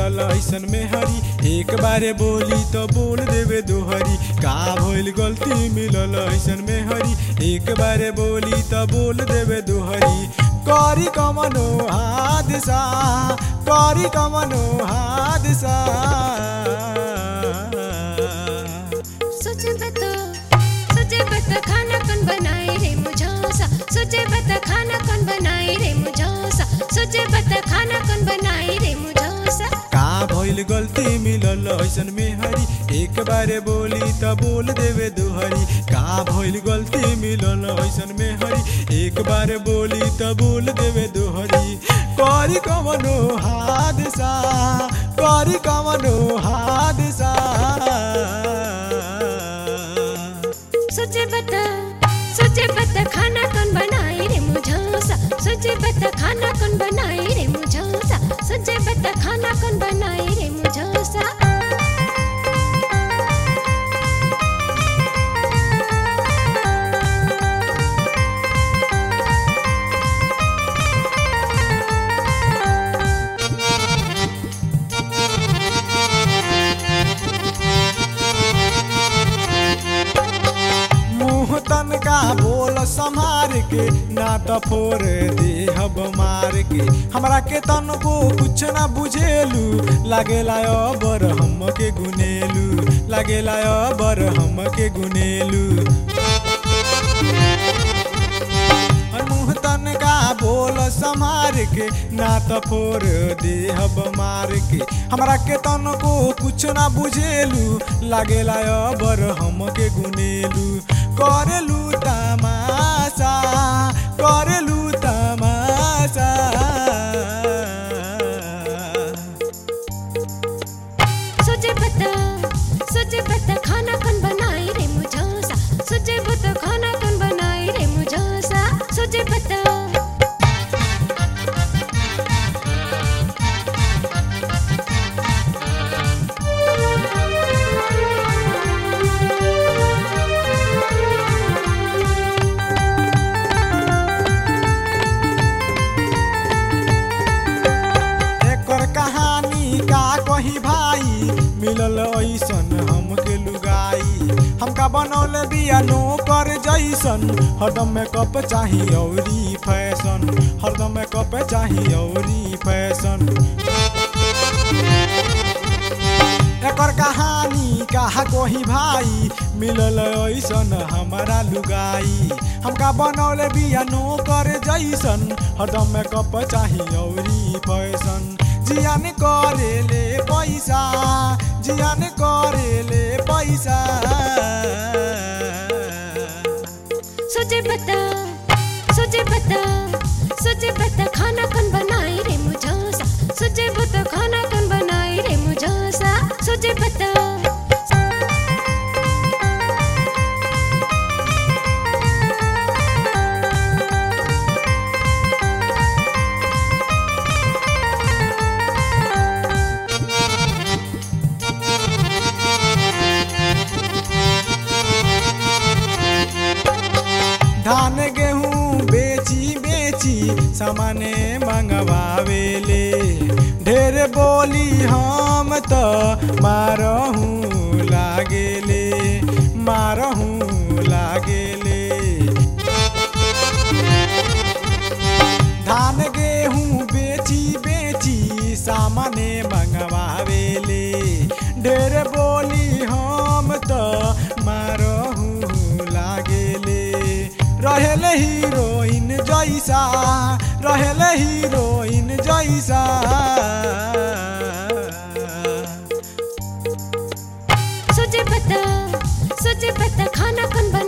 डाला ऐसन में हरी एक बारे बोली तो बोल देवे दोहरी का भोल गलती मिलल ऐसन में हरी एक बारे बोली तो बोल देवे दोहरी करी कमनो हादसा करी कमनो हादसा खाना कौन बनाए रे मुझा सोचे बता खाना कौन बनाए रे मुझा सोचे बता खाना कौन बनाए कैसन में हरी एक बार बोली तो बोल देवे दुहरी का भइल गलती मिलल ऐसन में हरी एक बार बोली तो बोल देवे दुहरी करी कमनो हादसा करी कमनो हादसा सोचे बता सोचे बता खाना कौन बनाए रे मुझा सोचे बता खाना कौन बनाए संभार के ना तो दे हब मार के हमरा के तन को कुछ ना बुझेलू लाय बर हम के गुनेलू लाय बर हम के गुनेलू का बोल संभार के ना दे हब मार के हमरा के तन को कुछ ना बुझेलू लाय बर हम के गुनेलू करेलू तमाशा करेलू बनौल बियानो कर जैसन हरदम मेकअप चाही औरी फैशन हरदम मेकअप चाही औरी फैशन एकर कहानी कहा कोही भाई मिलल ऐसन हमारा लुगाई हमका बनौले बियानो कर जैसन हरदम मेकअप चाही औरी फैशन जियान करे ले पैसा जियान करे ले पैसा बता सोचे पता खाना खा सामाने मंगवावेले ढेर बोली हम तो मारहू लागेले मारहु लागेले धान जैसा रहले हीरोइन जैसा सोचे पता सोचे पता खाना कन